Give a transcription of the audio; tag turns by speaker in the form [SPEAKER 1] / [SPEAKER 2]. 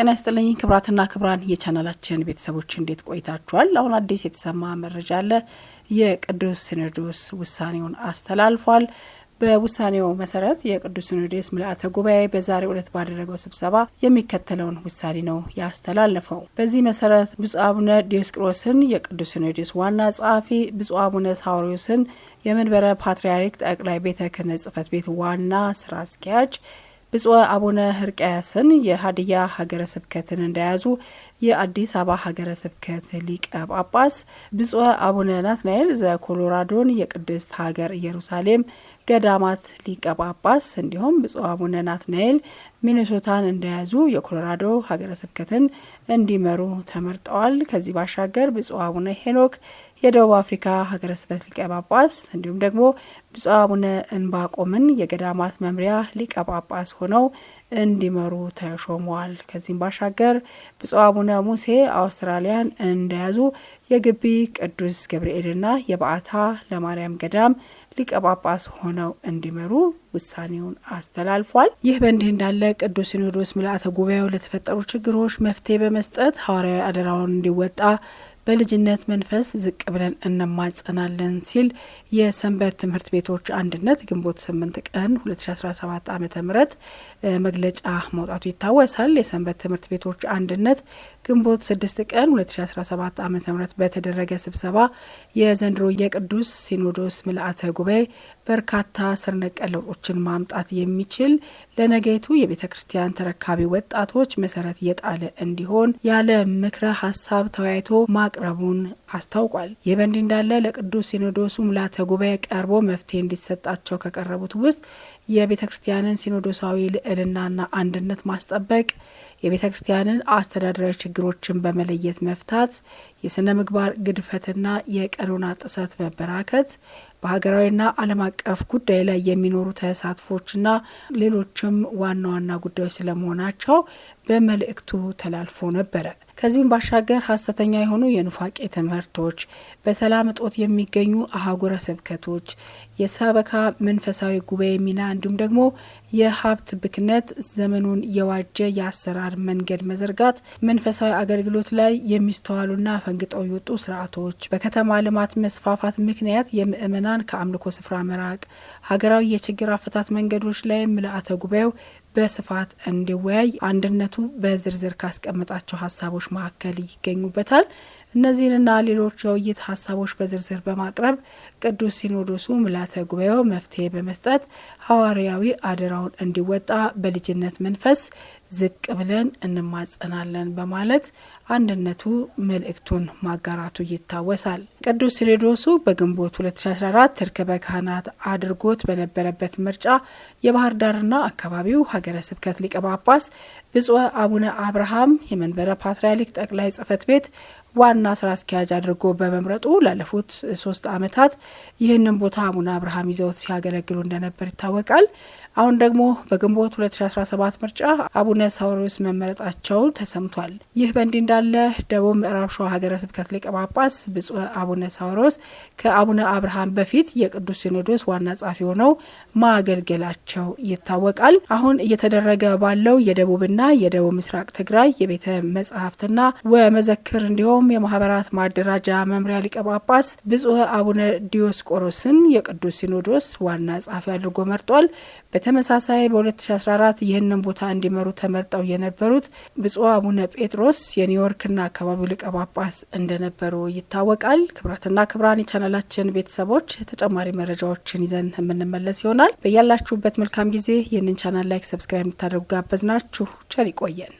[SPEAKER 1] ጤና ይስጥልኝ ክብራትና ክብራን የቻናላችን ቤተሰቦች እንዴት ቆይታችኋል? አሁን አዲስ የተሰማ መረጃ አለ። የቅዱስ ሲኖዶስ ውሳኔውን አስተላልፏል። በውሳኔው መሰረት የቅዱስ ሲኖዶስ ምልአተ ጉባኤ በዛሬው ዕለት ባደረገው ስብሰባ የሚከተለውን ውሳኔ ነው ያስተላለፈው። በዚህ መሰረት ብፁዕ አቡነ ዲዮስቅሮስን የቅዱስ ሲኖዶስ ዋና ጸሐፊ፣ ብፁዕ አቡነ ሳውሪዮስን የመንበረ ፓትርያርክ ጠቅላይ ቤተ ክህነት ጽሕፈት ቤት ዋና ስራ አስኪያጅ ብፁዕ አቡነ ህርቅያስን የሀዲያ ሀገረ ስብከትን እንደያዙ የአዲስ አበባ ሀገረ ስብከት ሊቀ ጳጳስ፣ ብፁዕ አቡነ ናትናኤል ዘኮሎራዶን የቅድስት ሀገር ኢየሩሳሌም ገዳማት ሊቀ ጳጳስ እንዲሁም ብፁዕ አቡነ ናትናኤል ሚኒሶታን እንደያዙ የኮሎራዶ ሀገረ ስብከትን እንዲመሩ ተመርጠዋል። ከዚህ ባሻገር ብፁዕ አቡነ ሄኖክ የደቡብ አፍሪካ ሀገረ ስብከት ሊቀ ጳጳስ እንዲሁም ደግሞ ብፁዕ አቡነ እንባቆምን የገዳማት መምሪያ ሊቀ ጳጳስ ሆነው እንዲመሩ ተሾመዋል። ከዚህም ባሻገር ብፁዕ አቡነ ሙሴ አውስትራሊያን እንደያዙ የግቢ ቅዱስ ገብርኤልና የበዓታ ለማርያም ገዳም ሊቀ ጳጳስ ሆነው እንዲመሩ ውሳኔውን አስተላልፏል። ይህ በእንዲህ እንዳለ ቅዱስ ሲኖዶስ ምልአተ ጉባኤው ለተፈጠሩ ችግሮች መፍትሄ በመስጠት ሐዋርያዊ አደራውን እንዲወጣ በልጅነት መንፈስ ዝቅ ብለን እንማጸናለን ሲል የሰንበት ትምህርት ቤቶች አንድነት ግንቦት 8 ቀን 2017 ዓ ም መግለጫ መውጣቱ ይታወሳል። የሰንበት ትምህርት ቤቶች አንድነት ግንቦት 6 ቀን 2017 ዓ ም በተደረገ ስብሰባ የዘንድሮ የቅዱስ ሲኖዶስ ምልአተ ጉባኤ በርካታ ስር ለውጦችን ማምጣት የሚችል ለነገይቱ የቤተ ክርስቲያን ተረካቢ ወጣቶች መሰረት የጣለ እንዲሆን ያለ ምክረ ሀሳብ ተወያይቶ ማቅረቡን አስታውቋል። ይህ በእንዲህ እንዳለ ለቅዱስ ሲኖዶሱ ምልአተ ጉባኤ ቀርቦ መፍትሄ እንዲሰጣቸው ከቀረቡት ውስጥ የቤተ ክርስቲያንን ሲኖዶሳዊ ልዕልናና አንድነት ማስጠበቅ የቤተ ክርስቲያንን አስተዳደራዊ ችግሮችን በመለየት መፍታት፣ የሥነ ምግባር ግድፈትና የቀኖና ጥሰት መበራከት፣ በሀገራዊና ዓለም አቀፍ ጉዳይ ላይ የሚኖሩ ተሳትፎችና ሌሎችም ዋና ዋና ጉዳዮች ስለመሆናቸው በመልእክቱ ተላልፎ ነበረ። ከዚሁም ባሻገር ሀሰተኛ የሆኑ የኑፋቄ ትምህርቶች፣ በሰላም እጦት የሚገኙ አህጉረ ስብከቶች፣ የሰበካ መንፈሳዊ ጉባኤ ሚና እንዲሁም ደግሞ የሀብት ብክነት፣ ዘመኑን የዋጀ የአሰራር መንገድ መዘርጋት፣ መንፈሳዊ አገልግሎት ላይ የሚስተዋሉና ፈንግጠው የወጡ ስርዓቶች፣ በከተማ ልማት መስፋፋት ምክንያት የምእመናን ከአምልኮ ስፍራ መራቅ፣ ሀገራዊ የችግር አፈታት መንገዶች ላይ ምልአተ ጉባኤው በስፋት እንዲወያይ አንድነቱ በዝርዝር ካስቀመጣቸው ሀሳቦች መካከል ይገኙበታል። እነዚህንና ሌሎች የውይይት ሀሳቦች በዝርዝር በማቅረብ ቅዱስ ሲኖዶሱ ምልዓተ ጉባኤው መፍትሄ በመስጠት ሐዋርያዊ አደራውን እንዲወጣ በልጅነት መንፈስ ዝቅ ብለን እንማጸናለን በማለት አንድነቱ መልእክቱን ማጋራቱ ይታወሳል። ቅዱስ ሲኖዶሱ በግንቦት 2014 ርክበ ካህናት አድርጎት በነበረበት ምርጫ የባህር ዳርና አካባቢው ሀገረ ስብከት ሊቀ ጳጳስ ብፁዕ አቡነ አብርሃም የመንበረ ፓትርያርክ ጠቅላይ ጽሕፈት ቤት ዋና ስራ አስኪያጅ አድርጎ በመምረጡ ላለፉት ሶስት ዓመታት ይህንን ቦታ አቡነ አብርሃም ይዘውት ሲያገለግሉ እንደነበር ይታወቃል። አሁን ደግሞ በግንቦት 2017 ምርጫ አቡነ ሳዊሮስ መመረጣቸው ተሰምቷል። ይህ በእንዲህ እንዳለ ደቡብ ምዕራብ ሸዋ ሀገረ ስብከት ሊቀ ጳጳስ ብፁዕ አቡነ ሳዊሮስ ከአቡነ አብርሃም በፊት የቅዱስ ሲኖዶስ ዋና ጸሐፊ ሆነው ማገልገላቸው ይታወቃል። አሁን እየተደረገ ባለው የደቡብና የደቡብ ምስራቅ ትግራይ የቤተ መጻሕፍትና ወመዘክር እንዲሁም የሁሉም የማህበራት ማደራጃ መምሪያ ሊቀ ጳጳስ ብጹህ አቡነ ዲዮስቆሮስን የቅዱስ ሲኖዶስ ዋና ጸሐፊ አድርጎ መርጧል። በተመሳሳይ በ2014 ይህንን ቦታ እንዲመሩ ተመርጠው የነበሩት ብጹህ አቡነ ጴጥሮስ የኒውዮርክና አካባቢው ሊቀ ጳጳስ እንደነበሩ ይታወቃል። ክብራትና ክብራን የቻናላችን ቤተሰቦች ተጨማሪ መረጃዎችን ይዘን የምንመለስ ይሆናል። በያላችሁበት መልካም ጊዜ ይህንን ቻናል ላይክ፣ ሰብስክራይብ እንድታደርጉ ጋበዝ ናችሁ። ቸር ይቆየን።